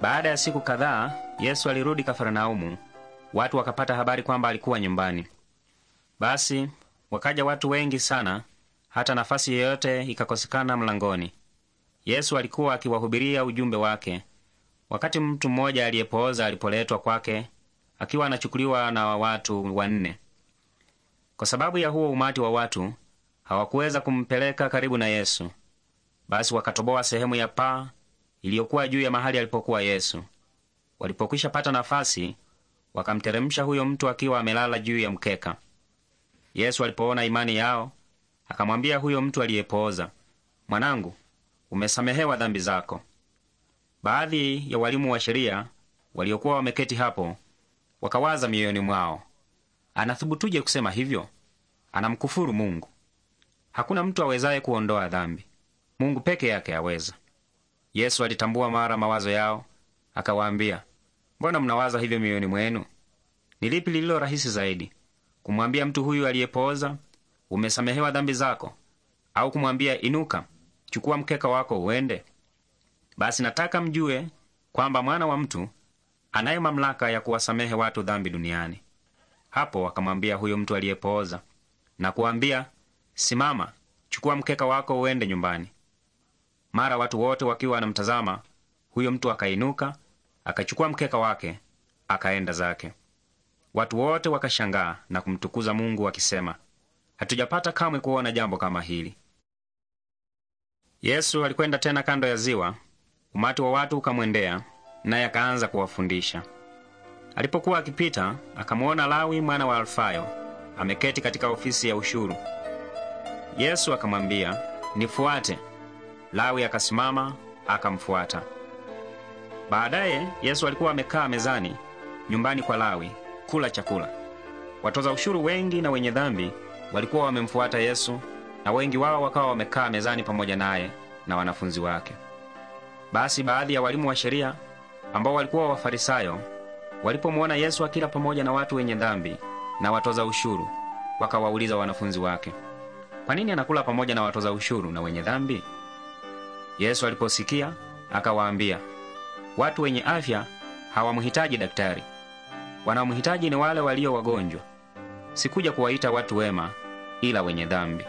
Baada ya siku kadhaa, Yesu alirudi Kafarnaumu. Watu wakapata habari kwamba alikuwa nyumbani. Basi wakaja watu wengi sana, hata nafasi yoyote ikakosekana mlangoni. Yesu alikuwa akiwahubiria ujumbe wake, wakati mtu mmoja aliyepooza alipoletwa kwake, akiwa anachukuliwa na watu wanne. Kwa sababu ya huo umati wa watu, hawakuweza kumpeleka karibu na Yesu. Basi wakatoboa sehemu ya paa iliyokuwa juu ya mahali alipokuwa Yesu. Walipokwisha pata nafasi, wakamteremsha huyo mtu akiwa amelala juu ya mkeka. Yesu alipoona imani yao, akamwambia huyo mtu aliyepooza, mwanangu, umesamehewa dhambi zako. Baadhi ya walimu wa sheria waliokuwa wameketi hapo wakawaza mioyoni mwao, anathubutuje kusema hivyo? Anamkufuru Mungu. Hakuna mtu awezaye kuondoa dhambi, Mungu peke yake aweza. Yesu alitambua mara mawazo yao, akawaambia, mbona mnawaza hivyo mioyoni mwenu? Ni lipi lililo rahisi zaidi, kumwambia mtu huyu aliyepooza, umesamehewa dhambi zako, au kumwambia inuka, chukua mkeka wako uende? Basi nataka mjue kwamba mwana wa mtu anaye mamlaka ya kuwasamehe watu dhambi duniani. Hapo wakamwambia huyo mtu aliyepooza na kuambia, simama, chukua mkeka wako uende nyumbani. Mara watu wote wakiwa wanamtazama, huyo mtu akainuka, akachukua mkeka wake, akaenda zake. Watu wote wakashangaa na kumtukuza Mungu wakisema, hatujapata kamwe kuona jambo kama hili. Yesu alikwenda tena kando ya ziwa. Umati wa watu ukamwendea, naye akaanza kuwafundisha. Alipokuwa akipita, akamwona Lawi mwana wa Alfayo ameketi katika ofisi ya ushuru. Yesu akamwambia, nifuate. Lawi akasimama akamfuata. Baadaye Yesu alikuwa amekaa mezani nyumbani kwa Lawi kula chakula. Watoza ushuru wengi na wenye dhambi walikuwa wamemfuata Yesu, na wengi wao wakawa wamekaa mezani pamoja naye na wanafunzi wake. Basi baadhi ya walimu wa sheria ambao walikuwa Wafarisayo walipomwona Yesu akila pamoja na watu wenye dhambi na watoza ushuru, wakawauliza wanafunzi wake, kwa nini anakula pamoja na watoza ushuru na wenye dhambi? Yesu aliposikia akawaambia, watu wenye afya hawamhitaji daktari, wanaomhitaji ni wale walio wagonjwa. Sikuja kuwaita watu wema, ila wenye dhambi.